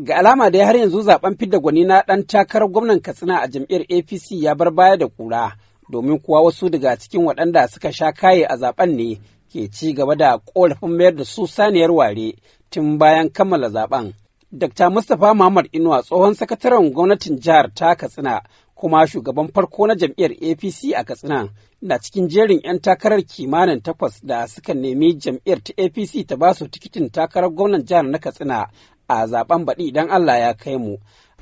Ga alama dai har yanzu zaben fidda gwani na ɗan takarar gwamnan Katsina a jam'iyyar APC ya bar baya da ƙura, domin kuwa wasu daga cikin waɗanda suka sha kaye a zaben ne ke ci gaba da ƙorafin mayar da su saniyar ware tun bayan kammala zaben. Dr. Mustapha Muhammad Inuwa tsohon sakataren gwamnatin jihar ta Katsina kuma shugaban farko na jam'iyyar APC a Katsina na cikin jerin 'yan takarar kimanin takwas da suka nemi jam'iyyar ta APC ta basu tikitin takarar gwamnan jihar na Katsina a zaben baɗi idan Allah ya kai mu.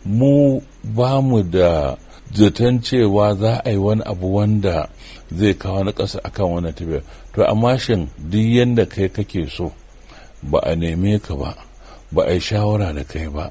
Mu ba mu da zaton cewa za a yi wani abu wanda zai kawo na ƙasa akan wani tafiya. To amma shin duk yadda kai kake so ba a neme ka ba. ba a yi shawara da kai ba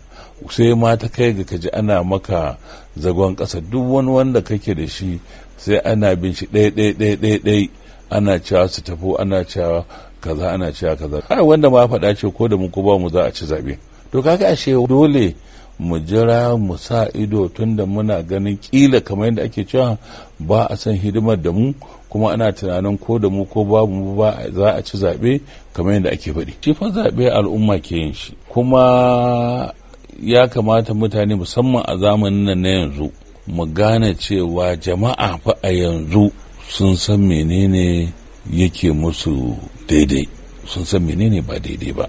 sai ma ta kai ga kaji ana maka zagon ƙasa duk wani wanda kake da shi sai ana bin shi ɗaya ɗaya ɗai ɗaya ana cewa su tafi ana cewa kaza ana cewa kaza ai wanda ma faɗa ce ko da mu ko ba mu za a ci zaɓe to kaga ashe dole mu jira mu sa ido tunda muna ganin kila kamar yadda ake cewa ba a san hidimar da mu kuma ana tunanin ko da mu ko babu mu ba za a ci zaɓe kamar yadda ake faɗi shi fa zaɓe al'umma ke yin shi kuma ya kamata mutane musamman a zamanin nan na yanzu mu gane cewa jama'a fa a yanzu sun san menene yake musu daidai sun san menene ba daidai ba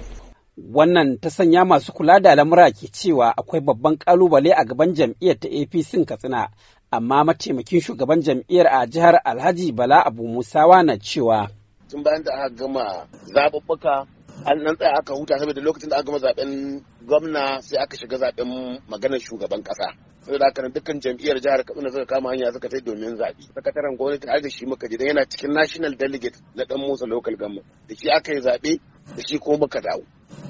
Wannan ta sanya masu kula da lamura ke cewa akwai babban kalubale a gaban jam'iyyar ta APC Katsina, amma mataimakin shugaban jam'iyyar a jihar Alhaji Bala Abu Musa wana cewa. Tun bayan da aka gama zaɓuɓɓuka an nan tsaya aka huta saboda lokacin da aka gama zaben gwamna sai aka shiga zaben maganar shugaban kasa saboda haka dukkan jam'iyyar jihar Katsina suka kama hanya suka tafi domin zaɓe sakataren gwamnati har da shi muka je yana cikin national delegate na dan Musa local government da shi aka yi zaɓe da shi kuma muka dawo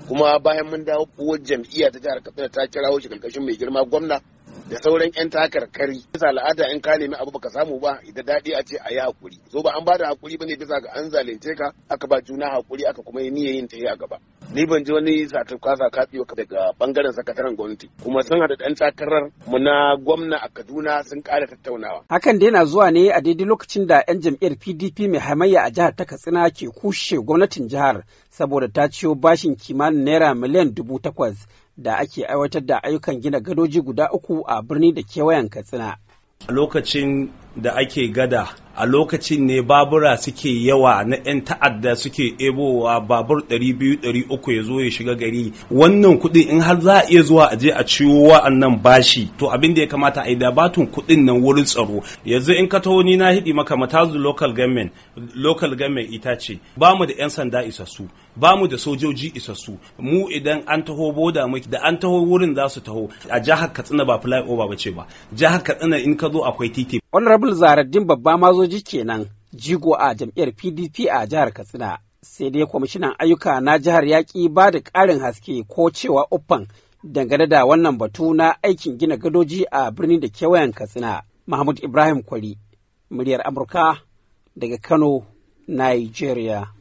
kuma bayan mun dawo kowar jam'iyya ta jihar katsina ta kirawo shi karkashin mai girma gwamna da sauran 'yan takarkari bisa al'ada in ka nemi abu baka samu ba idan daɗi a ce a yi hakuri so ba an ba da hakuri bane bisa ga an zalunce ka aka ba juna hakuri aka kuma yi niyyar yin ta a gaba ni ban ji wani ka tsiyo daga bangaren sakataren gwamnati kuma sun haɗa ɗan takarar mu na gwamna a Kaduna sun ƙara tattaunawa hakan dai na zuwa ne a daidai lokacin da 'yan jam'iyyar PDP mai hamayya a jihar ta Katsina ke kushe gwamnatin jihar saboda ta ciyo bashin kimanin naira miliyan dubu takwas da ake aiwatar da ayyukan gina gadoji guda uku a birni da kewayen katsina. A lokacin da ake gada a lokacin ne babura suke yawa na 'yan ta'adda suke ebowa babur 200-300 ya zo ya shiga gari wannan kuɗin in har za a iya zuwa a je a ciwo wa'annan bashi to abin da ya kamata a yi da batun kuɗin nan wurin tsaro yanzu in ka taho ni na hidi maka matazu local government local government ita ce ba mu da 'yan sanda isassu ba mu da sojoji isassu mu idan an taho boda muke da an taho wurin za su taho a jihar katsina ba flyover ba ce ba jihar katsina in ka zo akwai titi honorable zaraddin babba mazoji kenan jigo a jam'iyyar pdp a jihar katsina sai dai kwamishinan ayyuka na jihar yaƙi ba da ƙarin haske ko cewa uffan dangane da wannan batu na aikin gina gadoji a birnin da kewayen katsina mahmud ibrahim kwari muryar amurka daga kano nigeria